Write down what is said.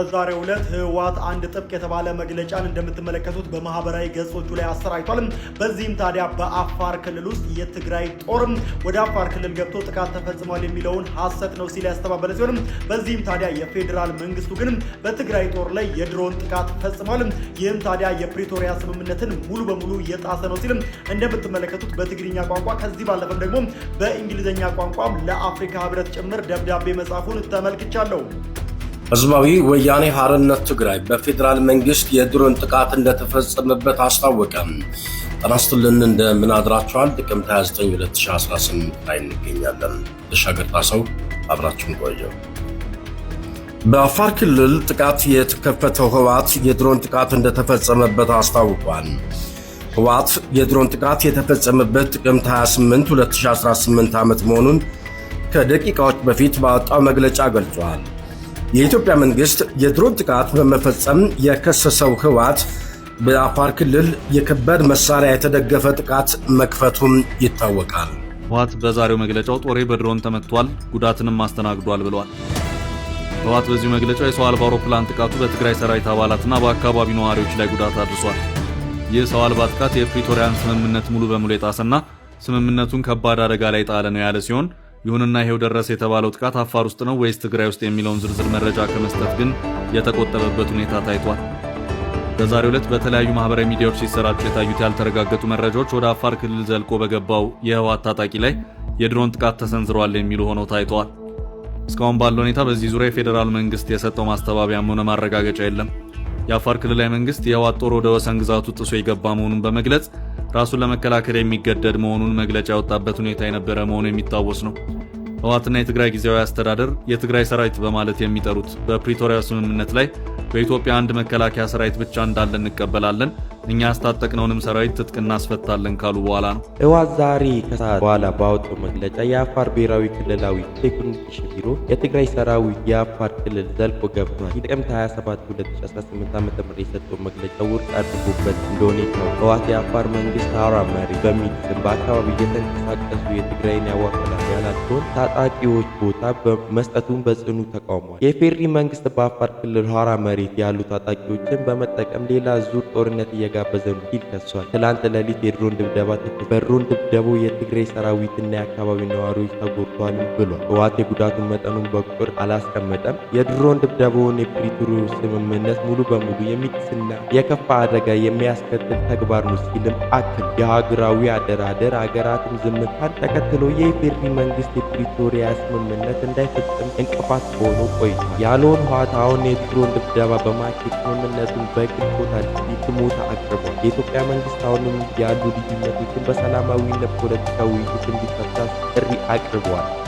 በዛሬው ዕለት ህወሓት አንድ ጥብቅ የተባለ መግለጫን እንደምትመለከቱት በማህበራዊ ገጾቹ ላይ አሰራጭቷል። በዚህም ታዲያ በአፋር ክልል ውስጥ የትግራይ ጦርም ወደ አፋር ክልል ገብቶ ጥቃት ተፈጽሟል የሚለውን ሀሰት ነው ሲል ያስተባበለ ሲሆንም በዚህም ታዲያ የፌዴራል መንግስቱ ግን በትግራይ ጦር ላይ የድሮን ጥቃት ፈጽሟል። ይህም ታዲያ የፕሪቶሪያ ስምምነትን ሙሉ በሙሉ እየጣሰ ነው ሲልም እንደምትመለከቱት በትግርኛ ቋንቋ ከዚህ ባለፈም ደግሞ በእንግሊዝኛ ቋንቋም ለአፍሪካ ህብረት ጭምር ደብዳቤ መጻፉን ተመልክቻለሁ። ህዝባዊ ወያኔ ሐርነት ትግራይ በፌዴራል መንግስት የድሮን ጥቃት እንደተፈጸመበት አስታወቀ። ጠናስትልን እንደ እንደምን አድራችኋል? ጥቅምት 29 2018 ላይ እንገኛለን። ተሻገርታ ሰው አብራችሁን ቆዩ። በአፋር ክልል ጥቃት የተከፈተው ህወሓት የድሮን ጥቃት እንደተፈጸመበት አስታውቋል። ህወሓት የድሮን ጥቃት የተፈጸመበት ጥቅምት 28 2018 ዓመት መሆኑን ከደቂቃዎች በፊት ባወጣው መግለጫ ገልጿል። የኢትዮጵያ መንግስት የድሮን ጥቃት በመፈጸም የከሰሰው ህወሓት በአፋር ክልል የከባድ መሳሪያ የተደገፈ ጥቃት መክፈቱም ይታወቃል። ህወሓት በዛሬው መግለጫው ጦሬ በድሮን ተመቷል ጉዳትንም አስተናግዷል ብለዋል። ህወሓት በዚሁ መግለጫው የሰው አልባ አውሮፕላን ጥቃቱ በትግራይ ሰራዊት አባላትና በአካባቢ ነዋሪዎች ላይ ጉዳት አድርሷል። ይህ ሰው አልባ ጥቃት የፕሪቶሪያን ስምምነት ሙሉ በሙሉ የጣሰና ስምምነቱን ከባድ አደጋ ላይ ጣለ ነው ያለ ሲሆን ይሁንና ይሄው ደረሰ የተባለው ጥቃት አፋር ውስጥ ነው ወይስ ትግራይ ውስጥ የሚለውን ዝርዝር መረጃ ከመስጠት ግን የተቆጠበበት ሁኔታ ታይቷል። በዛሬው ዕለት በተለያዩ ማህበራዊ ሚዲያዎች ሲሰራጩ የታዩት ያልተረጋገጡ መረጃዎች ወደ አፋር ክልል ዘልቆ በገባው የህወሓት ታጣቂ ላይ የድሮን ጥቃት ተሰንዝረዋል የሚሉ ሆነው ታይተዋል። እስካሁን ባለው ሁኔታ በዚህ ዙሪያ የፌዴራል መንግስት የሰጠው ማስተባበያም ሆነ ማረጋገጫ የለም። የአፋር ክልላዊ መንግስት የህወሓት ጦር ወደ ወሰን ግዛቱ ጥሶ የገባ መሆኑን በመግለጽ ራሱን ለመከላከል የሚገደድ መሆኑን መግለጫ ያወጣበት ሁኔታ የነበረ መሆኑ የሚታወስ ነው። ህወሓትና የትግራይ ጊዜያዊ አስተዳደር የትግራይ ሰራዊት በማለት የሚጠሩት በፕሪቶሪያ ስምምነት ላይ በኢትዮጵያ አንድ መከላከያ ሰራዊት ብቻ እንዳለ እንቀበላለን እኛ ያስታጠቅነውንም ሰራዊት ትጥቅ እናስፈታለን ካሉ በኋላ ነው። ህወሓት ዛሬ ከሰዓት በኋላ ባወጡ መግለጫ የአፋር ብሔራዊ ክልላዊ ቴክኒሽን ቢሮ የትግራይ ሰራዊት የአፋር ክልል ዘልቆ ገብቷል፣ ጥቅምት 27 2018 ዓ ም የሰጠው መግለጫ ውድቅ አድርጎበት እንደሆነ ይታወቃል። ህወሓት የአፋር መንግስት አውራ መሪ በሚል ስም በአካባቢ እየተንቀሳቀሱ የትግራይን ያዋክላል ያላቸውን ታጣቂዎች ቦታ መስጠቱን በጽኑ ተቃውሟል። የፌሪ መንግስት በአፋር ክልል ሀራ መሬት ያሉ ታጣቂዎችን በመጠቀም ሌላ ዙር ጦርነት እየጋ የተጋበዘውን ፊል ከሷል። ትላንት ሌሊት የድሮን ድብደባ ተከ በድሮን ድብደባው የትግራይ ሰራዊትና የአካባቢ ነዋሪዎች ተጎድቷል ብሏል። ህወሓት የጉዳቱን መጠኑን በቁጥር አላስቀመጠም። የድሮን ድብደባውን የፕሪቶሪያ ስምምነት ሙሉ በሙሉ የሚጥስና የከፋ አደጋ የሚያስከትል ተግባር ነው ሲልም አክል የሀገራዊ አደራደር አገራትን ዝምታን ተከትሎ የኢፌዴሪ መንግስት የፕሪቶሪያ ስምምነት እንዳይፈጽም እንቅፋት ሆኖ ቆይቷል። ያለውን ህወሓት አሁን የድሮን ድብደባ በማካሄድ ስምምነቱን በግል ቦታ ሊትሞታ ተጠቅሟል። የኢትዮጵያ መንግስት አሁንም ያሉ ልዩነቶችን በሰላማዊና ፖለቲካዊ ውይይት እንዲፈታ ጥሪ አቅርበዋል።